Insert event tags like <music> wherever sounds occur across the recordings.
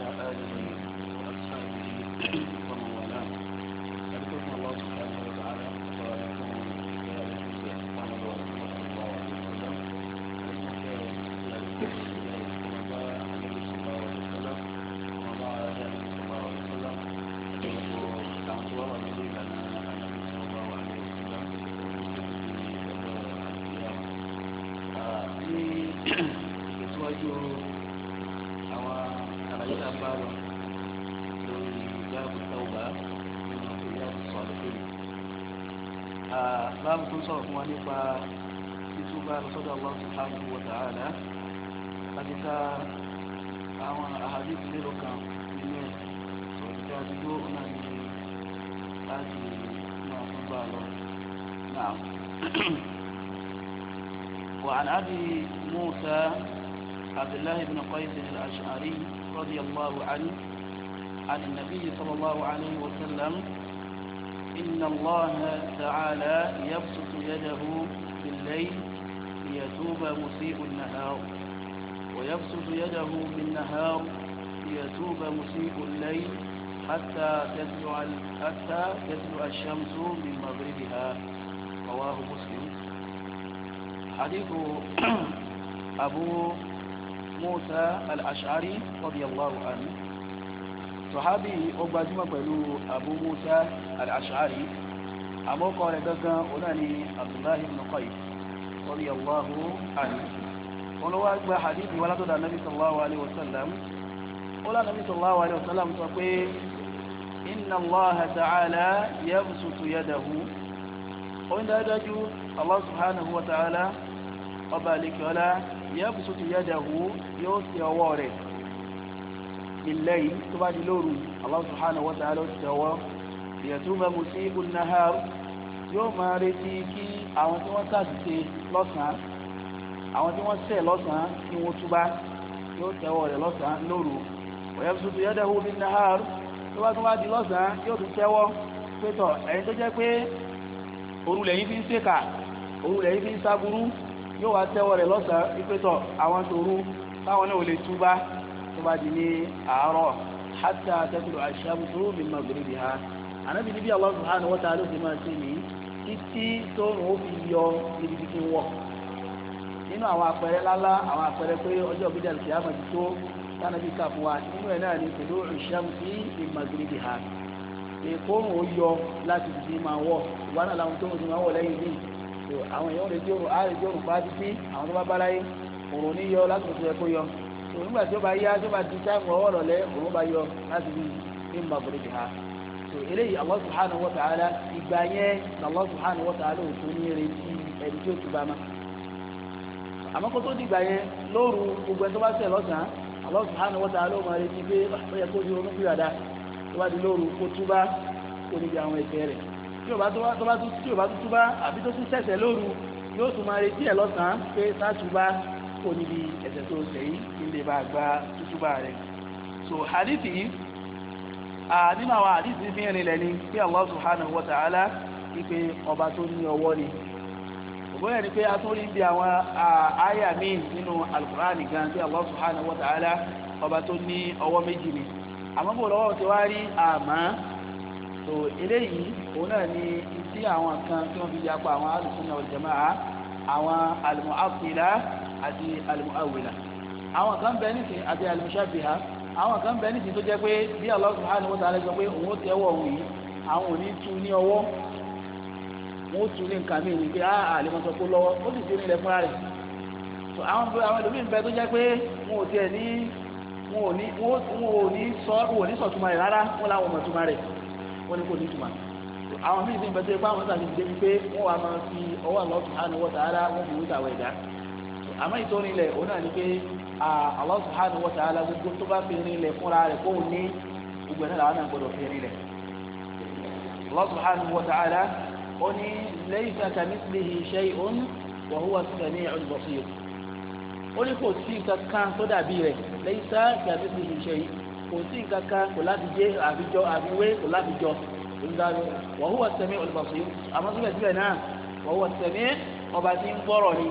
وعلى آله نعم <clears throat> وعن أبي موسى عبد الله بن قيس الأشعري رضي الله عنه عن النبي صلى الله عليه وسلم إن الله تعالى يبسط يده في الليل ليتوب مسيء النهار ويبسط يده بالنهار ليتوب مسيء الليل حتى تطلع حتى تطلع الشمس من مغربها رواه مسلم حديث أبو موسى الأشعري رضي الله عنه صحابي أبو بلو أبو موسى الأشعري أبو قال دقا أولاني عبد الله بن قيس رضي الله عنه ولو أكبر حديث ولد النبي صلى الله عليه وسلم ولا النبي صلى الله عليه وسلم تقول inna allah ta'ala yabsutu yadahu ó ń dájú allah subhanahu wa ta'ala ọba àlekọ́lá yabsutu yadahu yóò ṣe ọwọ́ rẹ̀ ilẹ̀yìn tó bá di lóru allah subhanahu wa ta'ala ó ṣe ọwọ́ ìyàtúmọ̀ musibu nahar yóò máa retí kí àwọn tí wọ́n ṣàṣìṣe lọ́sàn àwọn tí wọ́n ṣẹ̀ lọ́sàn kí wọ́n túbá yóò tẹ́wọ́ rẹ̀ lọ́sàn-án lóru wa yabsutu yadahu bin nahar. tó bá tún di lọ́sàn-án yóò tún tẹ́wọ́ pé tọ̀ ẹ̀yin tó jẹ́ pé òru lẹ́yìn fi ń ṣèkà òru lẹ́yìn fi ń sábúrú yóò wá tẹ́wọ́ rẹ̀ lọ́sàn-án wípé tọ̀ àwọn tòru táwọn náà ò lè túbá tó bá di ní àárọ̀ tẹ́kùlù mi máa gbèrè ha ti máa ṣe mí títí ó fi yọ níbi wọ̀ nínú àwọn àpẹẹrẹ lálá àwọn àpẹẹrẹ pé ọjọ́ tánàbí kà fún wa nínú ẹ̀ náà ni tòló ìṣàmùsí ìmàgìrìbì ha èkóòrùn ó yọ láti fi máa wọ̀ ìwà náà làwọn tó ń fi máa wọ̀ lẹ́yìn bíi tó àwọn èèyàn lè jòrò á lè jòrò fún adití àwọn tó bá bára yé òrùn ní yọ láti fi ẹ̀kọ́ yọ tó nígbà tí ó bá yá tó bá di táìmù ọwọ́ lọ̀lẹ́ òrùn bá yọ láti fi ìmàgìrìbì ha tó eléyìí Allah subhanahu wa ta'ala ìgbà yẹn Allah subhanahu wa ta'ala òtún ní retí ẹni tí ó ti ma àmọ́ kó tó dìgbà yẹn gbogbo ẹni tó bá ṣẹ̀ Allah subhanahu wa ta'ala máa retí pé ah, ó yẹ kó di omi bí wàdà tó bá di lóru kó túbá kó níbi àwọn ẹ̀ṣẹ̀ rẹ̀ tí o bá tún túbá àbí tó tún ṣẹ̀ṣẹ̀ lóru yóò tún máa retí ẹ̀ lọ́sàn-án pé sá túbá kó níbi ẹ̀ṣẹ̀ tó ṣẹ̀ yìí kí lè bá gba túbá rẹ̀ so hadithi yìí nínú àwọn hadithi fi hàn ní lẹ́ni pé Allah subhanahu wa ta'ala ipe ọba tó ní ọwọ́ ni bóyá ni pé a tún rí bí àwọn àyà míì nínú alukur'ani gan tí Allah subhanahu wa ta'ala ọba tó ní ọwọ́ méjì ni àmọ́ bò lọ́wọ́ ti wá rí àmọ́ tó eléyìí òun náà ni tí àwọn kan tí wọ́n fi ya pa àwọn alùsùn náà àwọn al-mu'attila àti al-mu'awwila àwọn kan bẹ nísìn àti al-mushabbiha àwọn kan bẹ nísìn tó jẹ́ pé bí Allah subhanahu wa ta'ala sọ pé òun ó tẹ́wọ̀ òun yìí àwọn ò ní tu ní ọwọ́ wọn ó tún ní nǹkan mi ní pé á àlè wọn sọ pé lọ́wọ́ ó sì tún nílẹ̀ fúnra rẹ̀ àwọn àwọn ẹlòmíín bẹ tó jẹ́ pé wọn ò tiẹ̀ ní wọn ò ní wọn ò ní sọ wọn ò ní sọ tuma rẹ̀ rárá wọn làwọn ọmọ tuma rẹ̀ wọn ni kò ní tuma àwọn míín sì ń bẹ tó jẹ́ pé àwọn sáà ti débi pé wọn wà máa fi ọwọ́ àlọ́ subhanahu wa ta'ala wọn fi wúta àwọn ẹ̀dá àmọ́ ìtọ́ni ilẹ̀ òun náà ni pé Allah subhanahu wa ta'ala gbogbo tó bá fi rin ilẹ̀ fúnra rẹ̀ kóun ní gbogbo ẹ̀ náà làwọn náà gbọdọ̀ fi rin ilẹ̀ Allah subhanahu wa ta'ala ó ní laysa kamithlihi shay'un wa huwa as-sami'ul basir ó ní kò sí nǹkan kan tó dàbí rẹ̀ laysa kamithlihi shay'un kò sí nǹkan kan kò láti jẹ́ àfijọ́ àfiwé kò láti jọ olùdarí wa huwa as-sami'ul basir àmọ́ síbẹ̀síbẹ̀ náà wa huwa as-sami' ọba tí ń gbọ́rọ̀ ni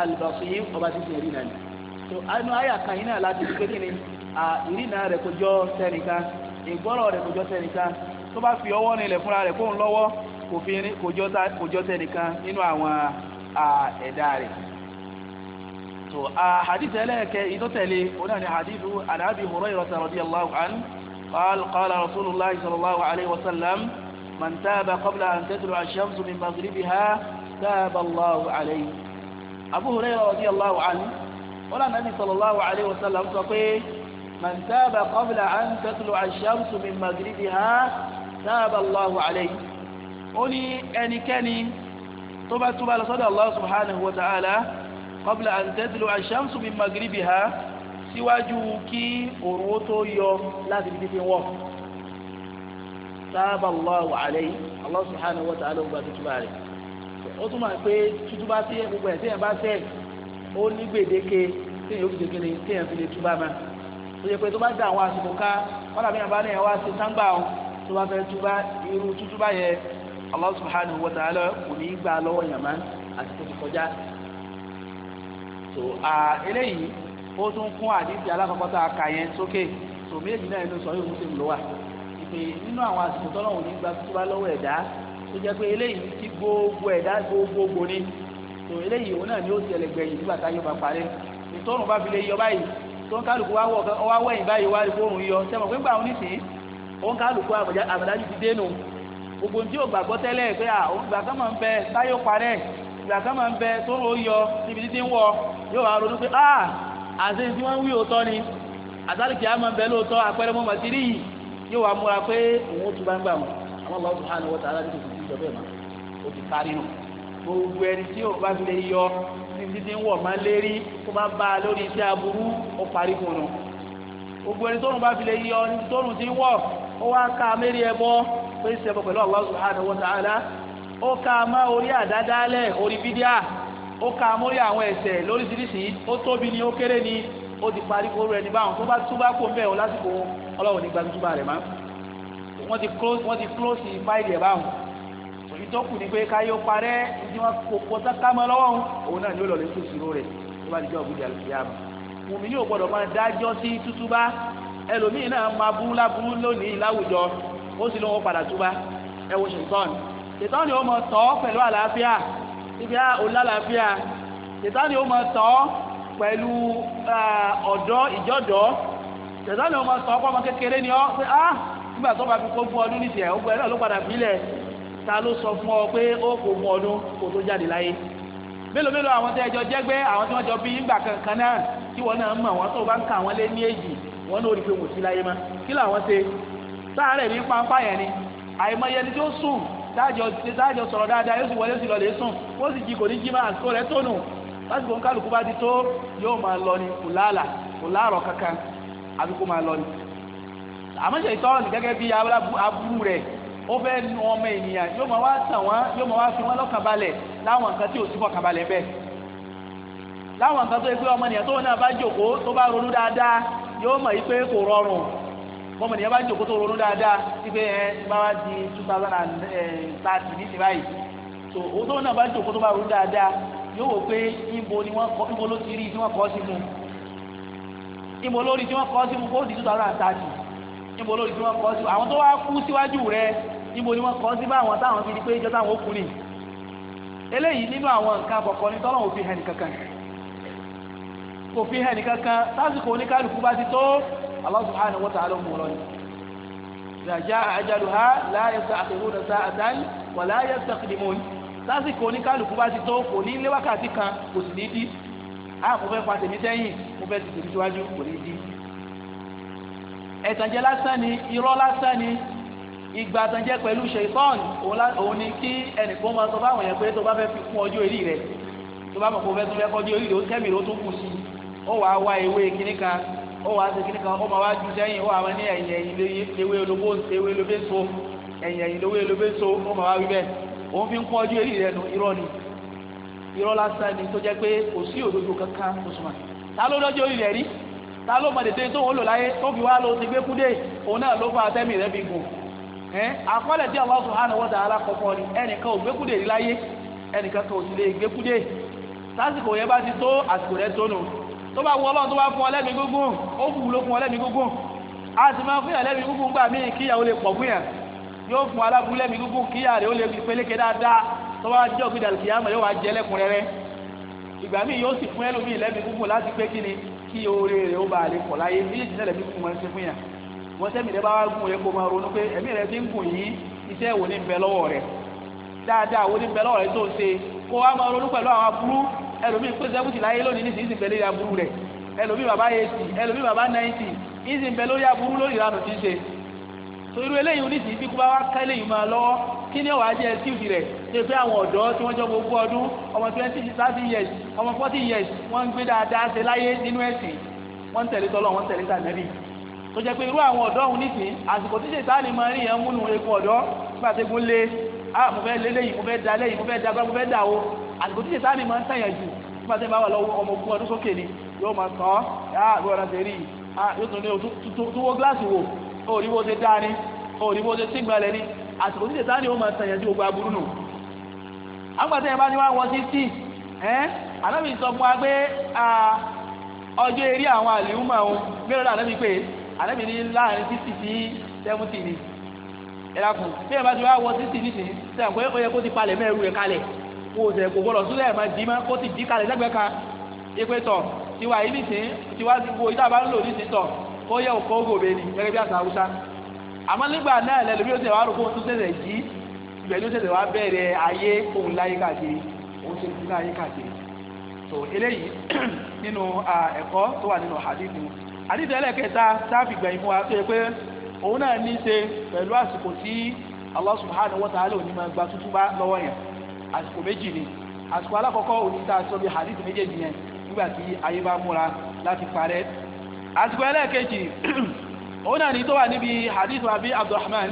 al-basir ọba tí ń kò fi rin kò jọ sẹ́nìkan nínú àwọn ẹ̀dá rẹ̀ so hadith ẹlẹ́ẹ̀kẹ́ ìtọ́tẹ̀lé onáà ni hadith anábì Hurairah radiyallahu anhu قال قال رسول الله صلى الله عليه وسلم من تاب قبل أن تطلع الشمس من مغربها تاب الله عليه أبو هريرة رضي الله عنه قال النبي صلى الله عليه وسلم تقول من تاب قبل أن تطلع الشمس من مغربها تاب الله عليه ó ní ẹnikẹ́ni tó bá túbà lọ sọ́dọ̀ Allah subhanahu wa ta'ala qabla an tadlu ash-shamsu min síwájú kí òòrùn tó yọ láti fi fi wọ̀ sábà Allahu alayhi Allah subhanahu wa ta'ala gba tútúbà rẹ̀ ó túmọ̀ pé tuba sí gbogbo ẹ̀ sẹ́yìn bá sẹ́ ó ní gbèdéke sẹ́yìn sẹ́yìn fi lè Allah subhanahu wa ta'ala kò ní í gbà lọ́wọ́ yàmá àti tó ti kọjá tó a eléyìí ó tún kún àdìsí alákọ̀ọ́kọ́ tá a kà yẹn sókè tó méjì náà inú sọ̀rọ̀ ìwúsẹ̀ ń lọ wà ìpè nínú àwọn àsìkò tọ́lọ̀ òní gba túbá lọ́wọ́ ẹ̀dá tó jẹ́ pé eléyìí ti gbogbo ẹ̀dá gbogbogbò ni tó eléyìí òun náà ni ó tẹ̀lé gbẹ̀yìn nígbà tá a yọba parí ìtọ́rùn bá fi lè yọ báyìí tó ń kálukú wá wẹ̀yìn báyìí wá rí fóònù yọ sẹ́wọ̀n pé gbà wọn nísìnyí ó ń kálukú àmọ̀dájú ti dénú gbogbo ní tí yóò gbàgbọ́ tẹ́lẹ̀ pé à òun gbà kán máa ń bẹ táyọ̀ parẹ́ gbà kán máa ń bẹ tóró yọ níbi títí ń wọ yóò wá ronú pé à àti tí wọ́n ń wí òótọ́ ni àtàlùkì á máa ń bẹ lóòótọ́ àpẹẹrẹ mọ́ màtírì yìí yóò wá múra pé òun ó tún bá wọn àwọn Allah subhanahu wa ta'ala ní kòkòrò ìjọba ẹ̀ máa ó ti parí nù gbogbo ẹni tí yóò bá fi lè yọ níbi tí ń wọ̀ máa lérí tó bá bá a lórí iṣẹ́ aburú ó parí fún un gbogbo ẹni tóun bá fi lè yọ níbi tóun ti ń wọ̀ ó wá ká mérí ẹbọ pé ń ṣẹbọ pẹ̀lú Allah subhanahu wa ta'ala ó ká má orí àdádálẹ̀ orí bídíà ó ká mórí àwọn ẹ̀ṣẹ̀ lóríṣiríṣi ó tóbi ni ó kéré ni ó ti parí kóró ẹni báwọn tó bá túbá kó ń bẹ̀ ọ́ lásìkò ọlọ́run ní gbajúgbà rẹ̀ má wọ́n ti close wọ́n ti close fáìlì ẹ̀ báwọn òbí tó kù ni pé ká yóò parẹ́ ní wọn kò kó sákámọ́ lọ́wọ́ òun náà ni ó lọ lè tó ìṣirò rẹ̀ tó bá di jọ́ òbí dàlú sí àmọ́ mùmí yóò gbọ́dọ̀ máa dájọ́ sí tútúbá ẹlòmíì náà máa burú láburú lónìí láwùjọ ó sì lóun padà túbá ẹ wo ṣètọ́ni ṣètọ́ni ó mọ tọ́ pẹ̀lú àlàáfíà ibi olálàáfíà ṣètọ́ni ó mọ tọ́ pẹ̀lú ọ̀dọ́ ìjọ́dọ́ ṣètọ́ni ó mọ tọ́ pọ́ kékeré ni ọ́ pé ah nígbà tó bá fi kó fún ọdún nìjẹ́ ó gbẹ́ náà ló padà bílẹ̀ ta ló sọ fún ọ pé ó kò mú ọdún kò tó jáde láyé mélòó mélòó àwọn tẹ́jọ jẹ́gbẹ́ àwọn tí wọ́n jọ bí ìgbà kankan náà tí wọ́n náà mọ̀ wọ́n tó bá ń kà wọ́n lé ní èjì wọn náà rí i pé wò sí láyé má kí làwọn ṣe sáàárẹ̀ ní pápá yẹn ni àìmọye ẹni tó sùn dájọ sọ̀rọ̀ dáadáa yóò sì wọlé sí lọ́lẹ̀ sùn ó sì jí kò ní jí máa àsìkò rẹ̀ tónù lásìkò kálukú bá ti tó yóò máa lọ ni kò láàlà kò láàrọ̀ kankan àbí máa lọ ni. àmọ́ṣe ìtọ́rọ̀ ní gẹ́gẹ́ bí rẹ̀ ó fẹ́ nu ọmọ ènìyàn yóò máa wá tàn wọ́n yóò máa wá fi wọ́n lọ́kàn balẹ̀ láwọn nǹkan tí ò sí fọkàn balẹ̀ bẹ́ẹ̀ láwọn nǹkan tó yẹ pé ọmọ yóò mọ ipe kò rọrùn bọ́mọ nìyẹn bá jòkó tó ronú dáadáa wípé ẹ bá wá di two thousand and thirty ní ti báyìí tó owó tó náà bá jòkó tó bá ronú dáadáa yóò wò pé níbo ni wọ́n kọ níbo ló ti rí tí kọ si sí mu níbo lórí tí wọ́n kọ́ sí mu kó di two thousand and thirty níbo lórí tí sí mu àwọn tó wá kú síwájú rẹ níbo ni sí táwọn ni eléyìí nínú àwọn nǹkan àkọ́kọ́ kò fi hàn nìkankan sásìkò oníkálukú bá ti tó Allah subhanahu wa ta'ala mú lọ ni. ìdájá ajaluha la yasta'khiruna sa'atan wa la yastaqdimun sásìkò oníkálukú bá ti tó kò ní lé wákàtí kan kò sì ní dí a mo fẹ́ pa tèmi sẹ́yìn mo fẹ́ ti síwájú kò ní dí. ẹ̀tànjẹ lásán ni irọ́ lásán ni ìgbà tànjẹ pẹ̀lú ṣèkọ́ọ̀n òun ni kí ẹnìkan máa sọ fáwọn yẹn pé tó bá fẹ́ fi kún ọjọ́ orí rẹ̀ tó bá mọ̀ kó fẹ́ tó fẹ́ kọjú orí rẹ̀ ó tẹ́mi rẹ̀ ó kù sí i ó wàá wá ewé kíní kan ó wàá ṣe kíní kan ó máa wá ju sẹ́yìn ó wàá ní ẹ̀yìn ẹ̀yìn ewé olóbó ewé olóbé so ẹ̀yìn ẹ̀yìn ewé olóbé so ó máa wá wí bẹ́ẹ̀ òun fi ń kún ọjọ́ eré rẹ̀ nù irọ́ ni irọ́ lásán ni tó jẹ́ pé kò sí òdodo kankan tó sùnmọ́ ta ló lọ́jọ́ orí rẹ̀ rí ta ló mọ̀ dédé tó ń lò láyé tó fi wá ti gbé òun náà ló fa atẹ́mì rẹ̀ fi gùn àkọọ́lẹ̀ tí wa ta'ala ni ẹnìkan ti tó tó bá wọ ọlọ́run tó bá fún ọ lẹ́mìí gúngún ó kù ló fún ọ lẹ́mìí gúngún a sì máa fún yàn lẹ́mìí gúngún gbà míì kíyàwó lè pọ̀ fún yàn yóò fún aláburú lẹ́mìí gúngún kíyà rẹ̀ ó lè peléke dáadáa tó bá jẹ́ òkúta kìyàmọ̀ yóò wá jẹ́ lẹ́kùnrẹ́rẹ́ ìgbà míì yóò sì fún ẹlòmíì lẹ́mìí gúngún láti pé kí ni kí oore rẹ̀ ó bá lè pọ̀ láyé méjèèjì náà lẹ́mìí gúngún wọn ṣe fún ni ń bẹ lọ́wọ́ rẹ̀ ni ń bẹ lọ́wọ́ rẹ̀ tó ń ṣe ẹlòmíì pé sẹ́kùtì láyé lónìí nísìnyí sì pẹ̀lú aburú rẹ̀ ẹlòmíì bàbá eighty ẹlòmíì bàbá ninety ìsì ń bẹ lórí aburú lórí ìranù tí ń ṣe torí eléyìí oníṣìí bí kú bá wá ká eléyìí máa lọ́wọ́ kí ni ọ̀wá jẹ́ ẹtíùtì rẹ̀ ṣe pé àwọn ọ̀dọ́ tí wọ́n jọ gbogbo ọdún ọmọ twenty years ọmọ forty years wọ́n ń gbé dáadáa ṣe láyé nínú ẹ̀sìn wọ́n ń tẹ̀lé tọ́lọ́ wọ́n ń tẹ̀lé tànẹ́bì tó jẹ́ pé irú àwọn ọ̀dọ́ òun nísìn àsìkò tí ṣètàlì máa rí yẹn àsìkò tí sèpáàni máa ń tẹ̀yàn jù nígbà tí wọ́n bá wà lọ́wọ́ ọmọ ogun ọdún sókè ni yóò máa tàn án yáà bí ọ̀nà tẹ̀rí yóò tún ní o gíláàsì wò ó rí bó ṣe dáa ó rí bó ṣe sígbàlẹ̀ ni àsìkò tí sèpáàni ó máa tẹ̀yàn jù gbogbo aburú nù. àwọn àtẹ̀yìn bá ní wá wọ títì ànábì sọ fún wa pé ọjọ́ eré àwọn àlìhùmọ̀ ọ̀hún mélòó náà ànábì pé ànábì ní láàrin títì sí sẹ́mùtì ni ẹ̀rọ kù bí ẹ̀ bá ti wá wọ títì nìsín sẹ́yìn pé ó yẹ kó ti palẹ̀ mẹ́rù rẹ̀ kalẹ̀ kó o sẹ kó bọ́lọ̀ sílẹ̀ ẹ̀ máa dì í má kó ti dì í kalẹ̀ lẹ́gbẹ̀ẹ́ kan ipe tọ̀ tiwa yìí nìsín tiwa ti wo ìta bá ń lò nìsín tọ̀ kó yẹ òkò ògòbè ni gẹ́gẹ́ bí àṣà haúsá àmọ́ nígbà náà lẹ́nu bí ó ṣẹ̀wá rò kó tún ṣẹ̀ṣẹ̀ yìí ibẹ̀ ló ṣẹ̀ṣẹ̀ wá bẹ̀rẹ̀ ayé òun láyé káàkiri òun ṣe ti láyé káàkiri so eléyìí <clears throat> nínú ẹ̀kọ́ tó wà nínú hadith hadith ẹlẹ́kẹta sáfì gbẹ̀yìn fún wa tó yẹ pé òun náà ní í ṣe pẹ̀lú àsìkò tí Allah subhanahu wa ta'ala òní máa gba tútúbá lọ́wọ́ yẹn àsìkò méjì ni àsìkò alákọ̀ọ́kọ́ òní tá a sọ bí hadith méjèèjì yẹn nígbà tí ayé bá múra láti parẹ́ àsìkò ẹlẹ́ẹ̀kejì <clears throat> òun náà ní tó wà níbi hadith wa bí abdulrahman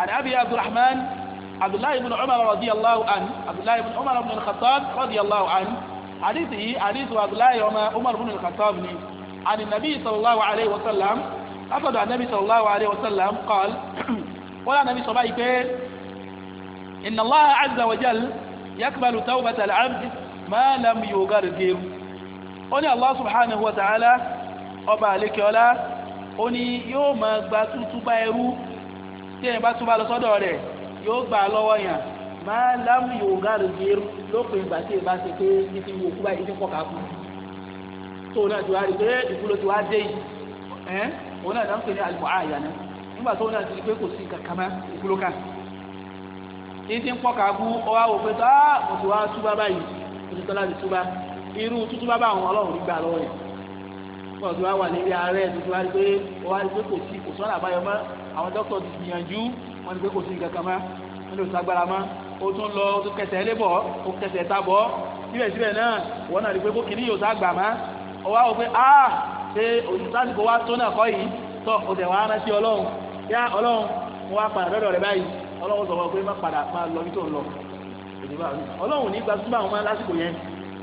àti abi abdulrahman abdullahi ibn umar radiyallahu an abdullahi ibn umar ibn al-khattab radiyallahu an hadith yìí hadith wa abdullahi umar ibn khattab ni عن النبي صلى الله عليه وسلم أخذ عن النبي صلى الله عليه وسلم قال ولا النبي صلى الله عليه وسلم إن الله عز وجل yaqbalu tawbata al-abd ma lam yughargir ó ní Allah subhanahu wa ta'ala ọba àlekèọlá ó ní yóò máa gba tútú bá ẹrú tí èèyàn bá túbà lọ sọ́dọ̀ rẹ̀ yóò gbà lọ́wọ́ yàn ma lam yughargir lópin ìgbà tí èèyàn bá ṣe pé ní ti wò kú báyìí ní pọ̀ káàkùn tó náà ti wá pé ìkúlò ti wá dé yìí ẹ́ òun náà pé ní àlùmọ́ àyà náà nígbà tó náà ti rí pé kò sí kankan mọ́ ìkúlò títí ń pọ́ka bú ọwọ́ àwọn òfin tó á ah, mo ti wá túbá báyìí mo ti tọ́lá ti túbá irú tútú bá bá àwọn ọlọ́run nígbà lọ́wọ́ yìí wọ́n ti wá wà níbi ààrẹ tuntun wá rí pé wọ́n wá rí pé kò sí kò sọ́nà àbáyọ mọ́ àwọn dókítà ti gbìyànjú wọ́n ti pé kò sí nǹkan kan mọ́ wọ́n lè sagbára mọ́ ó tún lọ ó tún kẹsẹ̀ lébọ̀ ó kẹsẹ̀ tabọ̀ síbẹ̀síbẹ̀ náà wọ́n náà rí pé bókìní yóò sá gbà mọ́ ọ wá pé a ṣe òṣìṣàsìkò wá ọlọ́run sọ wọn pé má padà má lọ bí tó ń lọ ọlọ́run ní gbàgbọ́ àwọn máa lásìkò yẹn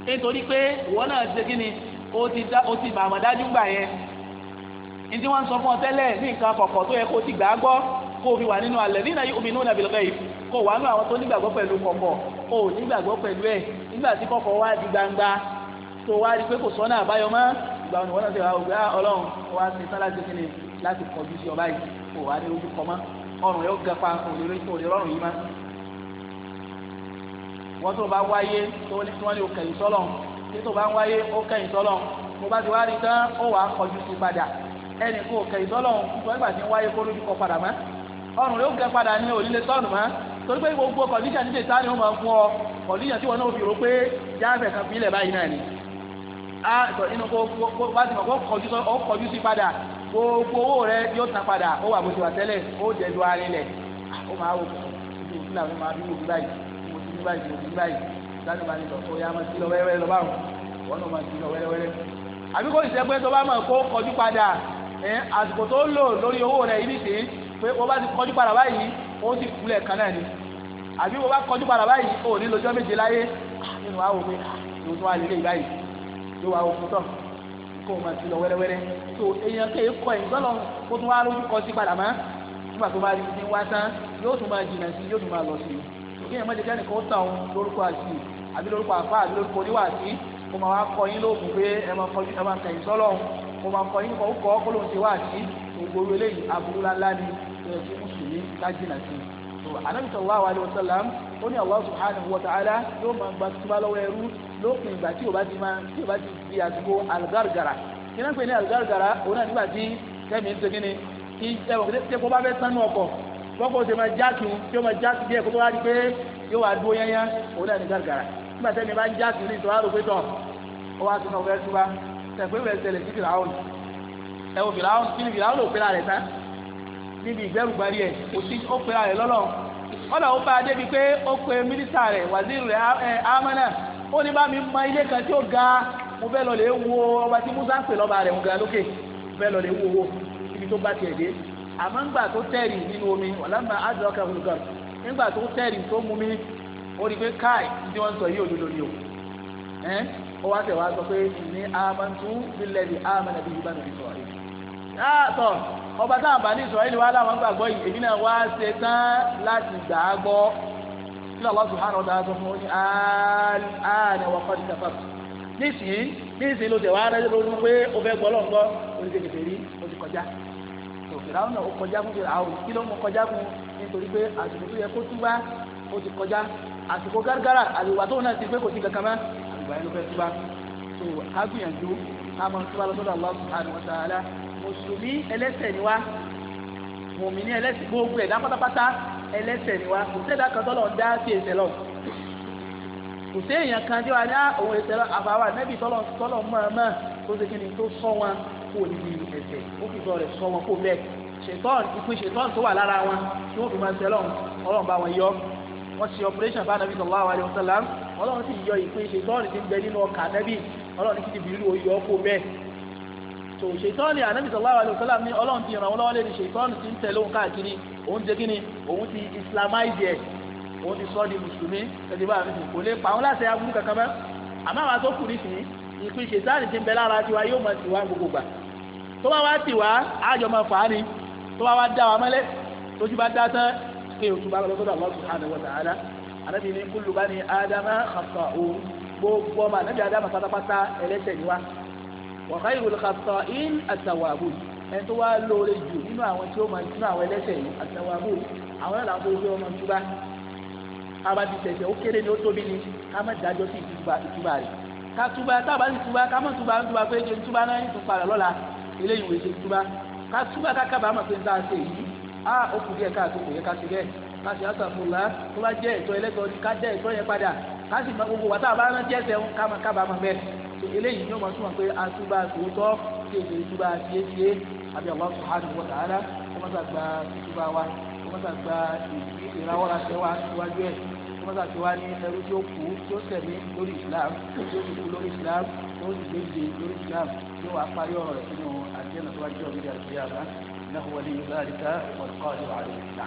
nítorí pé wọn náà ṣe kí ni ó ti bàmọ̀ dájú gbà yẹn ní tí wọ́n sọ fún ọ tẹ́lẹ̀ ní nǹkan kọ̀kọ̀ tó yẹ kó ti gbà á gbọ́ kó o fi wà nínú alẹ̀ nínú yu'minuna bil ghaib kó o wà nínú àwọn tó nígbàgbọ́ pẹ̀lú kọ̀kọ̀ kó o nígbàgbọ́ pẹ̀lú ẹ̀ nígbà tí kọ̀kọ̀ wá di gbangba tó wá rí pé kò sọ́nà àbáyọ mọ́ ìgbà wọn ni wọ́n náà ti wá ọgbà ah, ọlọ́run wá sí sálá ọrùn rẹ ó ga pa òrèrè òrèrè ọrùn yìí má wọ́n tó bá wáyé tó ní wọ́n ní o kẹ̀yìn sọ́lọ̀ tí tó bá ń wáyé ó kẹ̀yìn sọ́lọ̀ mo bá ti wá rí tán ó wàá kọjú sí padà ẹnì kò kẹ̀yìn sọ́lọ̀ nítorí ìgbà tí ń wáyé kó lójú kọ padà má ọrùn rẹ ó ga padà ní òrìlẹ̀ sọ́ọ̀nù má torí pé gbogbo kọ̀díjà ní tètè ni wọ́n máa fún ọ kọ̀díjà tí wọ́n náà fi rò pé jáfẹ̀ kan fi ilẹ̀ báyìí náà ni. a ah, ìtọ̀ inú kó bá ti mọ̀ kó kọjú sí padà gbogbo owó rẹ yóò san padà ó wà bóṣe wà tẹ́lẹ̀ ó jẹ́ lu arin lẹ̀ ó máa wò kàn ojú òfin làwọn máa bí wò bí báyìí mo ti bí báyìí mo ti bí báyìí láti máa ní lọ́kọ́ ya máa ti lọ wẹ́rẹ́wẹ́rẹ́ lọ báwọn wọn náà máa ti lọ wẹ́rẹ́wẹ́rẹ́ àbí kò ìṣẹ́ pé tó bá mọ̀ kó kọjú padà ẹ àsìkò tó lò lórí owó rẹ ibi tè pé wọ́n bá ti kọjú padà báyìí ó ti kulẹ̀ kan náà ni kó o máa ti lọ wẹ́rẹ́wẹ́rẹ́ tó èèyàn kéè kọ ẹ̀yìn tọ́lọ̀ kó tún wá lójú kọ sí padà mọ́ nígbà tó bá rí ní wá tán yóò tún máa jìnnà sí yóò tún máa lọ sí i òkè yẹn mọ́tẹ́kẹ́ nìkan ó tàn òun lórúkọ àti àbí lórúkọ àfáà àbí lórúkọ oníwàásí kó máa wá kọ yín lóògùn pé ẹ máa kẹ̀yìn sọ́lọ̀ kó máa kọ yín kọ́ kọ́ kó lóun ti wá àti gbogbo eléyìí aburú lálá ni ẹ̀ mùsùlùmí lájìnà sí i anabi sallallahu alayhi wa sallam ó ní allah subhanahu wa ta'ala yóò máa gba tuba ẹrú lópin ìgbà tí o bá ti máa tí o bá ti di àsìkò algargara kí náà pè ní algargara òun náà nígbà tí tẹ́mi ń segin ni kí tẹ́kọ̀ bá fẹ́ sánú ọkọ̀ bọ́kọ̀ ṣe máa jáàkì tí o máa jáàkì díẹ̀ kó tó wá di pé yóò wá dúró yányá òun náà ní gargara nígbà tẹ́mi bá ń jáàkì ní ìtura rò pé tọ̀ ó wá sọ fẹ́ túbá tẹ̀pẹ́ ìwẹ̀ ṣẹlẹ̀ sí fìlàhùn ẹ wo fìlàhùn kí ni fìlàhùn ò pera rẹ̀ tán níbi ìgbẹ́rùgbárí ẹ̀ ó pera ó ní bá mi ma ilé kan tí ó ga mo fẹ́ lọ lè wo ọba tí musa ń pè lọ́ba rẹ̀ ń ga lókè mo fẹ́ lọ lè wo wo ibi tó bá tiẹ̀ dé àmọ́ ńgbà tó tẹ̀rì nínú omi ọ̀làmà àdúrà hùlùkàn ńgbà tó tẹ̀rì tó mú mi ó rí pé káì tí wọ́n ń sọ yìí òdodo ni o ẹ́ ó wá tẹ̀ wá sọ pé ní amantu bílẹ̀ di amana bíi ibà nàbí sọ̀rọ̀ yìí. yàtọ̀ ọba táwọn bá ní ìsọ̀rọ̀ yìí wá láwọn gbàgbọ́ yìí èmi náà wá ṣe tán láti gbà gbọ́ tí Allah subhanahu wa ta'ala sọ fún ní àánà wà kọ́ni kàfà nísìnyí nísìnyí ló tẹ̀ wá rẹ́ lórí pé o fẹ́ gbọ́ lọ́ngbọ́ oníkejì rí o ti kọjá tó fìlàwọn náà o kọjá fún fìlàwọn kí ló mú kọjá fún nítorí pé àsìkò tó yẹ kó túbá o ti kọjá àsìkò gárgárà àlùwà tó náà ti pé kò sí kankan mọ́ àlùwà yẹn ló fẹ́ túbá tó a gbìyànjú a máa túbá lọ́sọ́dọ̀ Allah subhanahu wa ta'ala mùsùlùmí ẹlẹ́ṣẹ̀ ni wá kò sẹ́dá kan tọ́lọ̀ dá sí ẹ̀ṣẹ̀ lọ kò sí èèyàn kan tí wà ní òun ẹ̀ṣẹ̀ lọ àbáwá nẹ́bí tọ́lọ̀ tọ́lọ̀ mọ̀ọ́mọ̀ tó ṣe kí ni tó sọ wọn kó níbi ẹ̀ṣẹ̀ ó fi sọ rẹ̀ sọ wọn kó bẹ́ẹ̀ ṣètọ́n ìpín ṣètọ́n tó wà lára wọn tí wọ́n fi máa ń ṣe lọ́hùn ọlọ́run bá wọn yọ wọ́n ṣe operation bá nàbí sallallahu alaihi wasallam ọlọ́run sì yọ ìpín ṣètọ́n ti ń bẹ nínú ọkà nàbí ọlọ́run sì ti bìrì ó yọ kó bẹ́ẹ̀ tó ṣètọ́ni ànábì sallallahu alaihi wasallam ní ọlọ́run ti ràn wọ́n lọ́wọ́ lẹ́nu ṣètọ́ni ti ń tẹ̀lé òun káàkiri òun ti kíni òun ti islamize ẹ̀ òun ti sọ di mùsùlùmí ẹ̀dí bá àfihàn kò lè pa àwọn láṣẹ aburú kankan mọ́ àmọ́ àwọn tó kù nísìnyí ìpín ṣètọ́ni ti ń bẹ lára tiwa yóò máa tiwa gbogbo gbà tó bá wá tiwa àjọ máa fà á ni tó bá wá dá wa mọ́lẹ̀ tójú bá dá tán pé òtún bá lọ́sọ́dọ̀ Allah subhanahu wa khayrul khatta'in at-tawwabun ẹni tó wá lóore jù nínú àwọn tí ó máa nínú àwọn ẹlẹ́ṣẹ̀ yìí at-tawwabun àwọn náà làwọn tó gbé ọmọ túbá ká bá ti tẹ̀sẹ̀ ó kéré ni ó tóbi ni ká má dájọ́ sí ìtúbà rẹ̀ ká túbà tá a bá ká má túbà ń túbà pé jẹun túbà náà ń tún padà lọ́la eléyìí wòye jẹun túbà ká túbà ká kábàámọ̀ pé ń ṣe yìí á ó kù díẹ̀ káàtó kò yẹ ká ṣe bẹ́ẹ̀ ká ṣe àṣàfùlá tó eléyìí yóò máa túmọ̀ pé atúbà tòótọ́ tí èdè ìtúbà tiétié àbí Allah subhanahu wa ta'ala kó má sàgbà ìtúbà wa kó má sàgbà ìrawọ́ra tẹ́wà síwájú ẹ̀ kó má sàgbà ní ẹrú tí ó kú tí ó tẹ̀lé lórí Islam tí ó ti kú lórí Islam tí ó ti gbèjì lórí Islam tí ó wàá parí ọ̀rọ̀ rẹ̀ sínú àdéhùn tó wá jẹ́ òbí àgbéyàwó náà wọlé yorùbá àdìsá ọ̀dùkọ́ ọ̀dùn àdìsá.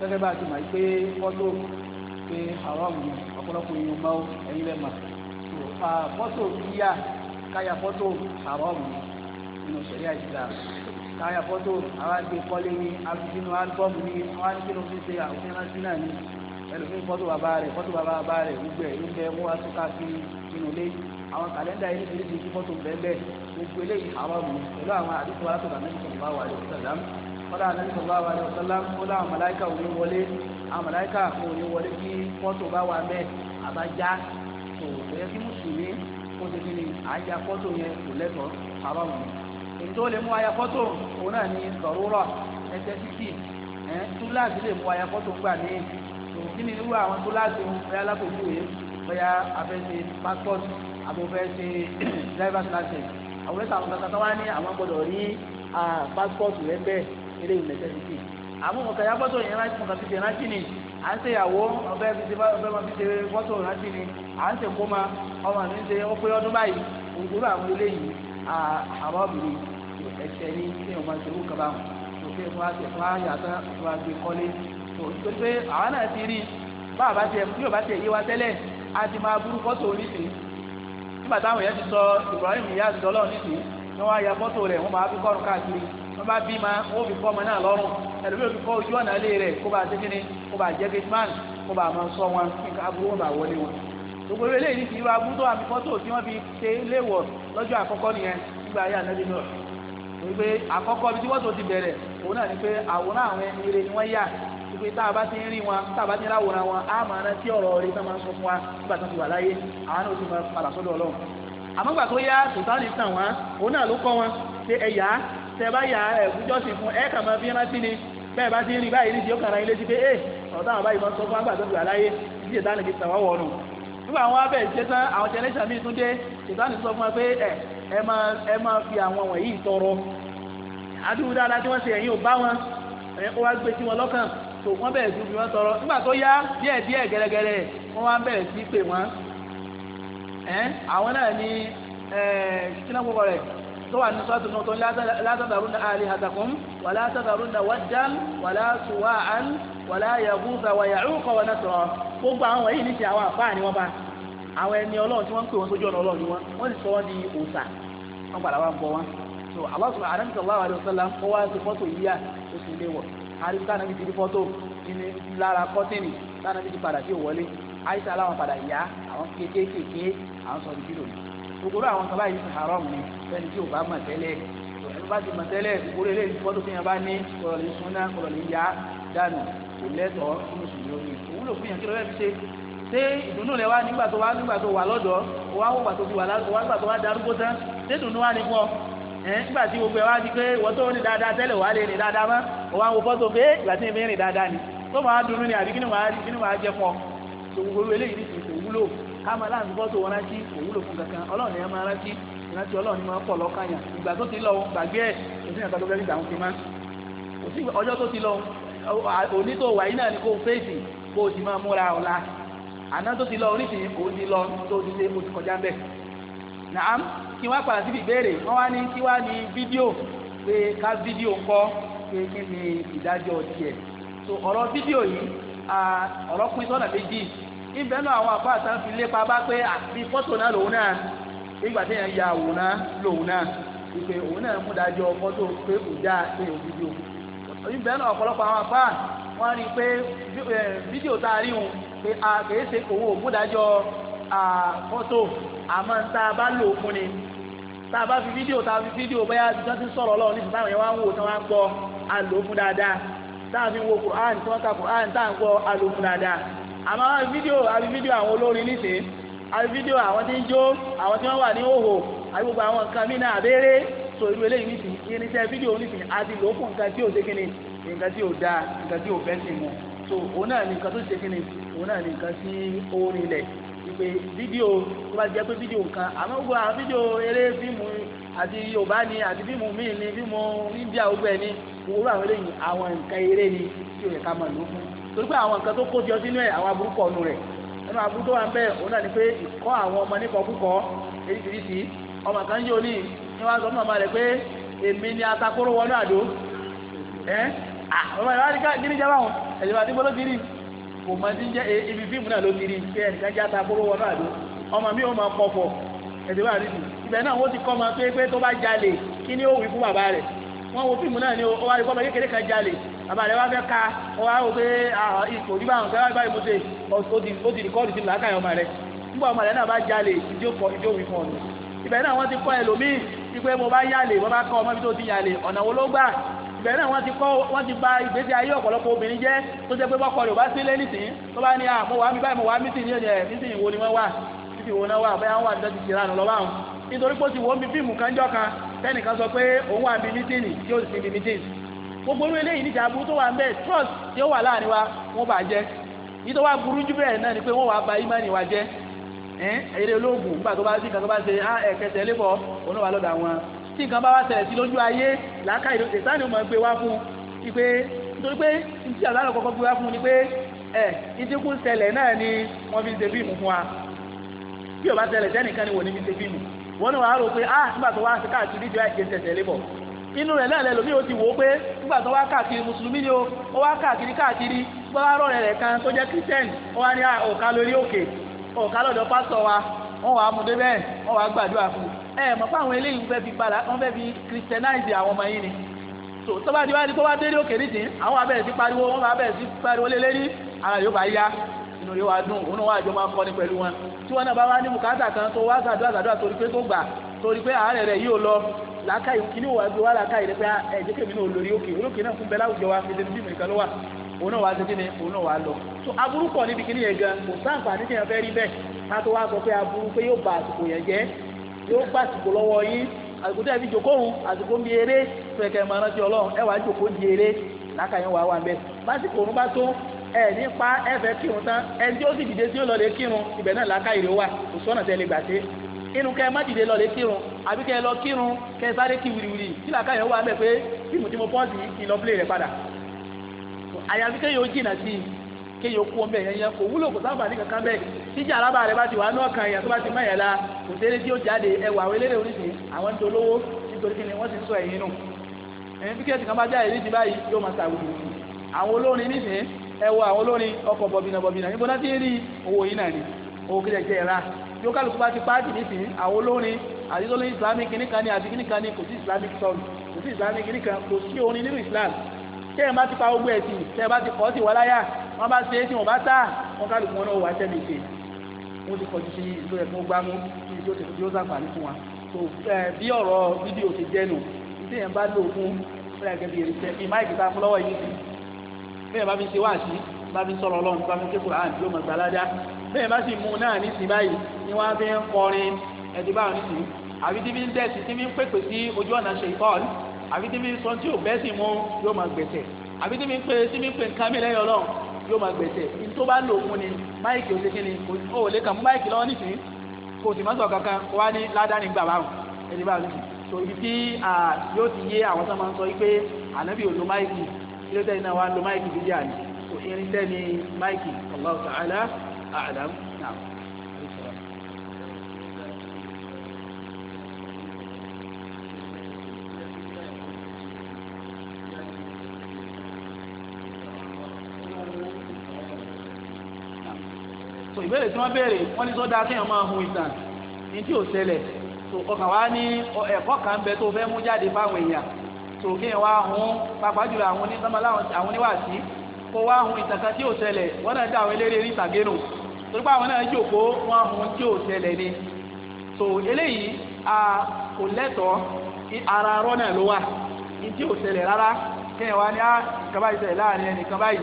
gẹ́gẹ́ bá a ti mọ̀ pé fọ́tò pé àwọn àwùjọ ọ̀pọ̀lọpọ̀ èèyàn máa ẹ̀yìn lẹ́ mà fọ́tò yíyà káyà fọ́tò àwọn àwùjọ nínú sẹ̀ríà ìsìlá káyà fọ́tò àwọn àgbẹ̀ kọ́lé ní abidinu álbọ́ọ̀mù ní àwọn àdìgbìnú ṣíṣe àwùjọ rántí náà ní ẹlòmíín fọ́tò bàbá rẹ̀ fọ́tò bàbá rẹ̀ gbogbo ẹ̀ ló bẹ́ẹ̀ mú wá tó káàkiri nínú ilé àwọn kàlẹ́ndà yìí nítorí ti fọ́tò bẹ́ẹ̀ bẹ́ẹ̀ gbogbo eléyìí àwọn àwùjọ pẹ̀lú àwọn àdìgbò alátọ̀dà mẹ́tò kọ́lá anabi sallallahu alayhi wa sallam ó láwọn màláìka ò ní wọlé àwọn màláìka ò ní wọlé kí fọ́tò bá wà bẹ́ẹ̀ àbájá kò yẹ kí mùsùlùmí kó ti kíni àyà fọ́tò yẹn kò lẹ́tọ̀ọ́ àbáwọn. èyí tó lè mú àyà fọ́tò òun náà ní sọ̀rọ̀ ẹsẹ̀ títì ẹ̀ túláàsì lè mú àyà fọ́tò gbà ní kí ni irú àwọn túláàsì bẹ́ẹ̀ alákòókòwé bẹ́ẹ̀ abẹ́sẹ̀ passport abọ́fẹ́sẹ̀ <clears throat> driver's license àwọn ẹ̀sẹ̀ àwọn kankan tó wá ní àwọn gbọ́dọ̀ rí passport rẹ̀ bẹ́ẹ̀ eléyìí necessity àmọ́ mo kàyà gbọ́dọ̀ yẹn láti mo kà fi ṣe rántí ni à ń ṣe ìyàwó ọbẹ̀ fi ṣe ọbẹ̀ máa fi ṣe gbọ́dọ̀ rántí ni à ń ọmọ mi ń ṣe ọdún báyìí àwọn eléyìí àwọn obìnrin ẹ̀ṣẹ̀ ni máa ṣe owó kaba wọn tó kọ́lé tó pé àwọn náà ti rí bá yé wa tẹ́lẹ̀ a ti máa burú fọ́tò nígbà táwọn yẹn ti sọ wọ́n bá bí ma wọ́n fi kọ́ ọmọ náà lọ́rùn ẹlòmíràn fi kọ́ ojú ọ̀nà ilé rẹ̀ kó bá ṣe kíni kó bá jẹ́ gateman kó bá máa sọ wọn nǹkan aburú wọn bá wọlé wọn. gbogbo eléyìí ti wá aburú tó wà fífọ́ tó tí wọ́n fi ṣe léwọ̀ lọ́jọ́ àkọ́kọ́ nìyẹn nígbà ayé ànábì náà wípé àkọ́kọ́ bí wọ́n tó ti bẹ̀rẹ̀ òun náà ni pé àwòrán àwọn ẹni rẹ̀ ni wọ́n yà wípé tá a bá ti ń rí wọn tá a bá ti ń ráwòrán wọn á máa rántí ọ̀rọ̀ rẹ̀ tó máa ń sọ fún wa nígbà tó ti wà láyé àwọn náà ó ti máa padà sọ́dọ̀ ọlọ́run àmọ́ gbà tó yá sùtánì tàn wọ́n òun náà ló kọ́ wọn tẹ́bá yà ẹ̀kújọ́sìn fún ẹ̀ kà máa fi rántí ni bẹ́ẹ̀ bá ti ń rí báyìí ní ti ó kàrà ilé pé ee ọ̀tá àwọn báyìí máa sọ fún gbà láyé ní ti ìdáni fi nù. nígbà àwọn abẹ́ ìṣe tán àwọn generation míì tún dé sọ wa pé ẹ ẹ máa ẹ máa fi àwọn wọ̀nyí tọrọ. dáadáa tí wọ́n ṣe ẹ̀yìn ò bá wọn ó wá gbé sí tọrọ. nígbà tó yá díẹ̀ díẹ̀ tó wà ní sọ́ọ̀tù náà tó ń látàdàrú na alihatakum wà látàdàrú na wàdán wà láṣùwàán wà láyàgúfà wà ya'uqa wà nasra gbogbo àwọn wọ̀nyí ní ti àwọn àfáà ni wọ́n bá àwọn ẹni ọlọ́run tí wọ́n ń pè wọ́n sójú ọ̀nà ọlọ́run ni wọ́n wọ́n sì sọ wọ́n di òòṣà wọ́n padà wá ń wọn. so Allah subhanahu wa ta'ala kó wá sí fọ́tò yíyá ó sì lé wọ̀ àríkà náà ti di fọ́tò ní lára kọ́tìnì táwọn náà ti padà sí òwọlé àìsàn aláwọn gbogbo àwọn kan báyìí haram ni fẹ́ni tí o bá mọ̀ tẹ́lẹ̀ ẹni bá ti mọ̀ tẹ́lẹ̀ gbogbo eléyìí fọ́dún fi hàn bá ní kọlọ̀lì súná kọlọ̀lì yá dànù kò lẹ́tọ̀ọ́ fún mùsùlùmí òwúlò fún yàn kí lọ́wọ́ fi ṣe ṣé ìdùnnú rẹ wá nígbà tó wá nígbà tó wà lọ́dọ̀ wá wọ́pà tó fi wà lọ́dọ̀ wá nígbà tó wá darúgbó tán ṣé ìdùnnú wá ní fọ́ nígbà tí gbogbo ẹ wá di pé wọ́n tó ní dáadáa tẹ́lẹ̀ wà lè rìn dáadáa mọ́ wọ́n wá wo fọ́tò pé ìgbà tí mi rìn dáadáa ni tó máa dùnnú ni àbí kí ni wàá jẹ fún ọ káma láti bọ́ tó wọn rántí òwúlò fún kankan ọlọ́run ni a máa rántí ìrántí ọlọ́run ni máa pọ̀ lọ́kàyàn ìgbà tó ti lọ gbàgbé ẹ̀ kò sí ìyàtọ̀ tó fẹ́ fi dàrún fi má kò sí ọjọ́ tó ti lọ òní tó wà yìí náà ni kò fèsì kó o ti máa múra ọ̀la àná tó ti lọ oríṣìí kò ti lọ tó ti lé mo ti kọjá bẹ́ẹ̀ nàám kí wọ́n padà síbi ìbéèrè wọ́n wá ní kí wá ní fídíò pé ká fídíò ńkọ́ pé kí ni ìdájọ́ tiẹ̀ so ọ̀rọ̀ fídíò yìí ọ̀rọ̀ pín sọ́nà méjì ibẹ̀ náà àwọn àbá àtàn fi lépa bá pé àti fọ́tò náà lòun náà nígbà tí yẹn ya àwòrán lòun náà ìpè òun náà mú dájọ́ fọ́tò pé kò dáa pé òun fídíò ibẹ̀ náà ọ̀pọ̀lọpọ̀ àwọn àbá wọ́n rí i pé fídíò tá a rí wọn pé a kìí ṣe òun mú dájọ́ fọ́tò àmọ́ tá a bá lò fún ni tá a bá fi fídíò tá a fi fídíò bóyá tí wọ́n ti sọ̀rọ̀ ọlọ́run nísìnyí táwọn yẹn wá ń wò tí wọ́n á gbọ́ a dáadáa tá fi wo Qur'an tí ń gbọ́ a dáadáa àmọ́ fídíò àbí fídíò àwọn olórin níṣẹ́ àbí fídíò àwọn tí ń jó àwọn tí wọ́n wà ní òhò àbí gbogbo àwọn nǹkan mí náà abẹ́rẹ́ so irú eléyìí níṣì irinṣẹ́ fídíò níṣì àti lò fún nǹkan tí ò ṣe kíni nǹkan tí ò dáa nǹkan tí ò bẹ́ sí mu so òun náà ní nǹkan tó ṣe kíni òun náà ní nǹkan sí orin ilẹ̀ ìpè fídíò tó bá jẹ́ pé fídíò kan àmọ́ gbogbo àwọn fídíò eré fíìmù àti yorùbá ni àti ni fíìmù india ni òwúrọ̀ ni torí pé àwọn nǹkan tó kó jọ sínú ẹ̀ àwọn aburú pọ̀ nù rẹ̀ nínú aburú tó wà ń bẹ̀ òun náà ni pé ìkọ́ àwọn ọmọ nípa púpọ̀ eríṣiríṣi ọmọ kan yóò ní ní wọ́n sọ fún ọmọ rẹ̀ pé èmi ni atakóró wọnú àdó ẹ́ ọmọ ìwádìí kí ni jẹ́ báwọn ẹ̀jẹ̀ bá ti gbọ́dọ̀ ti rí kò mọ ti ń jẹ́ e, ibi fíìmù náà ló ti rí pé ẹnìkan jẹ́ atakóró wọnú àdó ọmọ mi ò máa kọ̀ fọ̀ ẹ̀jẹ̀ bá rí ibẹ̀ náà wọ́n ti kọ́ ọmọ pé pé tó bá jalè kí ni ó wí fún bàbá rẹ̀ wọ́n wo fíìmù náà ni ó wá rí kọ́ ọmọ kékeré kan jalè bàbá rẹ̀ wá fẹ́ ka wọ́n á wò pé ipò nígbà wọn kẹ́wàá báyìí mo ṣe ó ti rìkọ́ọ̀dù sí làákà ọmọ rẹ̀ nígbà ọmọ rẹ̀ náà bá jalè ìjókòó ìjókòó ìfọ̀ ọ̀nà ibẹ̀ náà wọ́n ti kọ́ ẹlòmíì wípé mo bá yàlè mo bá kọ́ ọmọ mi tó ti yàlè ọ̀nà wo ló gbà ibẹ̀ náà wọ́n ti kọ́ wọ́n ti bà ìgbésí ayé ọ̀pọ̀lọpọ̀ obìnrin jẹ́ tó jẹ́ pé bọ́kọ rẹ̀ ò bá sílé nísìnyí tó bá ní à mo wà mí báyìí mo wà mí sì nítorí pé ó ti wọ́n mi fíìmù kan kan tẹ́nìkan sọ pé òun wà mí mítíìnì tí ó sì fi mítíìnì gbogbo orí eléyìí níjà aburú tó wà ń bẹ trust tí ó wà láàrin wa wọ́n bà jẹ́ yìí tó wà burú jù bẹ́ẹ̀ náà ni pé wọ́n wà bà ìmánì wa jẹ́ eré olóògùn nígbà tó bá sí nǹkan tó bá ṣe ẹ̀kẹsẹ̀ lébọ̀ òun wà lọ́dọ̀ àwọn tí nǹkan bá wá ṣẹlẹ̀ sí lójú ayé làákà ìdókè sáà ni mo gbé wá fún un pé nítorí pé ìdí àlọ́ kọ́kọ́ gbé wá fún un ni pé ẹ̀ ìdínkù ṣẹlẹ̀ náà ni wọ́n fi ń ṣe fíìmù fún wa bí ò bá ṣẹlẹ̀ ah nígbà tó wá sí káàkiri ìjọ àìkè ń tẹ̀sẹ̀ lébọ̀ inú rẹ̀ náà lẹ́lòmí ó ti wò ó pé nígbà tó wá káàkiri mùsùlùmí ni ó ó wá káàkiri káàkiri gbọ́dọ̀ rọ̀ rẹ̀ kan tó jẹ́ kírísítẹ́nì ó wá ní ah, òkà lórí òkè òkà lọ́dọ̀ pásítọ̀ wa wọ́n wàá mú débẹ̀ wọ́n wàá gbàdúrà fún ẹ mọ̀ pé àwọn eléyìí fẹ́ fi padà wọ́n fẹ́ fi christianize àwọn ọmọ yìí ni tó tọ́ba ti wá ní kó wá délé òkè nísìn àwọn abẹ́rẹ́ sí pariwo wọ́n máa bẹ̀rẹ̀ sí pariwo lé lérí ara yóò bá yá inú yóò wá dùn òun náà wá àjọ máa kọ́ni pẹ̀lú wọn tí wọ́n náà bá wá ní bùkátà kan tó wá sàdúrà sàdúrà torí pé tó gbà torí pé àárẹ̀ rẹ̀ yóò lọ làákàyè kíní wà gbé wá làákàyè rẹ̀ pé ah, ẹ̀jẹ̀ kèmí náà lórí òkè olókè náà fún bẹ́ẹ̀ láwùjọ wa fèsì fíìmù nìkan ló wà òun náà wà á ṣe kíni òun náà wà á lọ. tó aburú pọ̀ níbi kíní yẹn gan kò sáǹfà ní tẹ̀yàn fẹ́ rí bẹ́ẹ̀ ká tó wá sọ pé aburú pé yóò ba àsìkò yẹn jẹ́ yóò bá àsìkò lọ́wọ́ yín àsìkò tẹ̀ fi jòkó òun àsìkò ń bi eré fẹ̀kẹ̀ máa rántí ọlọ́run ẹ wà á jòkó di eré làákàyè wà á wà bẹ́ẹ̀ básìkò òun bá tó ẹ nípa ẹ fẹ́ kírun tán ẹni tí ó sì dìde tí ó lọ lè kírun ibẹ̀ náà làákàyè rẹ̀ wà kò sọ́nà tẹ́lẹ̀ gbà inú kẹ má dìde lọlé kírun àbí kẹ lọ kírun kẹ sáré kí wìrìwìrì kí làákà yẹn wà mẹ́ pé fíìmù tí mo pọ́ sí kí lọ play rẹ̀ padà àyàfi kéèyàn ó jìnà sí i kéèyàn ó kú ọmọ ẹ̀yẹn yẹn kò wúlò kò sábà ní kankan bẹ́ẹ̀ tíjà alábà rẹ̀ bá ti wà ní ọkàn yẹn tó bá ti mọ̀ la kò séré tí ó jáde ẹwà àwọn eléré àwọn ń dolówó nítorí kí ni wọ́n ti sọ ẹ̀yìn nù ẹ̀yìn fíkẹ́ẹ̀tì ni owó kílẹ̀ jẹ́ tí ó kálukú bá ti páàtì nísìnyí àwọn olórin àti tó ní islamic nìkan ni àti nìkan ni kò sí islamic song kò sí islamic nìkan kò sí orin nínú islam tí ẹ̀ bá ti pa ogun ẹ̀sìn tí ẹ̀ bá ti kọ́ sí wà láyà wọ́n bá ṣe é tí wọ́n bá tà wọ́n kálukú wọn náà wà sẹ́mi ìṣe wọ́n ti kọjú sí ìlú ẹ̀fọ́ gbámú kí ìṣó ti fi ó sàǹfààní fún wa tó bí ọ̀rọ̀ fídíò ti jẹ́nu tí ẹ̀ bá lò fún fúnra bí erisẹ́ bí máìkì a fún lọ́wọ́ yìí sí bí ẹ̀ bá fi ṣe wáàsí bá fi sọ̀rọ̀ bẹ́ẹ̀ bá sì mú un náà ní sí báyìí ni wọ́n fi ń kọrin ẹ̀dí báwọn ní sí àbí ń dẹ̀sí tí mi ń pèpè sí ojú ọ̀nà ṣe ìtọ́ọ̀n àbí tí ń sọ tí ò bẹ́ẹ̀ sì mú yóò máa gbẹ̀sẹ̀ àbí tí ń pè tí mi ń pè nǹkan mi lẹ́yìn ọlọ́run yóò máa gbẹ̀sẹ̀ ní tó bá lò fún ni máìkì ò ṣe ò lè kàn mú máìkì lọ́wọ́ nìsín kò sì mọ́tò kankan wá ní ládàáni ní sí so ibi tí yóò ti yé àwọn tó máa ń sọ wípé ànábì ò lo máìkì ilé tẹ́yìn náà wá أعلم نعم so ìbéèrè tí wọ́n béèrè wọ́n ní sọ́dá kéèyàn máa hun ìtàn ní tí ò ṣẹlẹ̀ so ọkàn wa ní ẹ̀kọ́ kan bẹ tó fẹ́ mú jáde fáwọn èèyàn so kéèyàn wá hun pàápàá jùlọ àwọn oníwàásí kó wá hun ìtàn kan tí ò ṣẹlẹ̀ wọ́n náà dá àwọn eléré ní ìtàgé nù torí pé àwọn náà jòkó wọn hun tí ò ṣẹlẹ̀ ni so eléyìí a kò lẹ́tọ̀ọ́ ara arọ́ náà ló wà ní tí ò ṣẹlẹ̀ rárá kéèyàn wá ní á ah, nǹkan báyìí ṣẹlẹ̀ láàrin ẹnìkan báyìí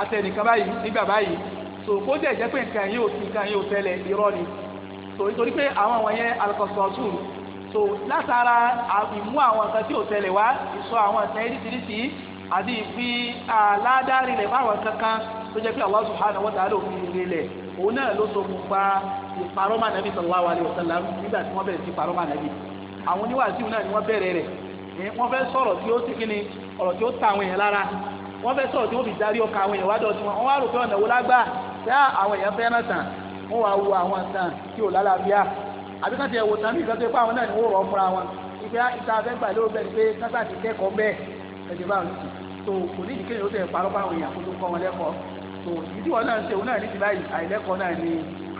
àti báyìí nígbà báyìí so kó dẹ̀ jẹ́ pé nǹkan yìí ò sí nǹkan yìí ò ṣẹlẹ̀ irọ́ ni so nítorí pé àwọn wọ̀nyẹn alikọ̀sọ̀tù so látara ìmú àwọn nǹkan tí ò ṣẹlẹ̀ wá ìsọ àwọn nǹkan yìí ti àti ìfi àládárí rẹ̀ fáwọn kankan tó jẹ́ pé Allah subhanahu wa ta'ala òfin ìrẹ̀lẹ̀ òun náà ló so pupa ìparọ́mà nàbí sallallahu alaihi wasallam nígbà tí wọ́n bẹ̀rẹ̀ sí parọ́mà nàbí àwọn oníwàásù náà ni wọ́n bẹ̀rẹ̀ rẹ̀ wọ́n fẹ́ sọ̀rọ̀ tí ó ti kí ni ọ̀rọ̀ tí ó ta àwọn èèyàn lára wọ́n fẹ́ sọ̀rọ̀ tí wọ́n fi darí ọkàn àwọn èèyàn wádọ̀ tí wọ́n wá rò pé ọ̀nà wo lágbà tẹ́ àwọn èèyàn fẹ́ náà tàn wọ́n wá wo àwọn tàn tí ò lálàáfíà àbí kan ti ẹ̀wò tán kò ní ìdíkẹ́yìn ó tẹ̀ parọ́ fáwọn èèyàn tó kọ́ wọn lẹ́kọ̀ọ́ tó ìdí wọn náà ń ṣe òun náà ní ti báyìí àìlẹ́kọ̀ọ́ náà ní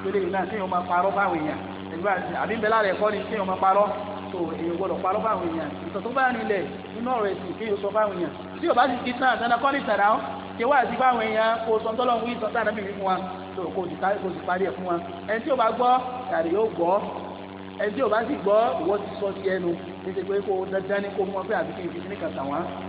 pélé yìí náà kéèyàn máa parọ́ báwọn èèyàn ẹgbẹ́ àbí ń bẹ lára ẹ̀kọ́ ni kéèyàn máa parọ́ tó èèyàn gbọ́dọ̀ parọ́ báwọn èèyàn ìtọ̀ tó bá nílẹ̀ nínú ọ̀rọ̀ ẹ̀sìn kéèyàn sọ báwọn èèyàn tí o bá sì ti tán àtàndá kọ́lì tàdá ó ṣe wá àti báwọn èèyàn kó sọ tọ́lọ́hún wí sọ́tà náà bìbí fún wa tó kó sì parí ẹ̀ fún wa ẹni tí o bá gbọ́ tàbí yóò gbọ́ ẹni tí o bá sì gbọ́ ìwọ ti sọ ti ẹnu ní ti pé kó dandan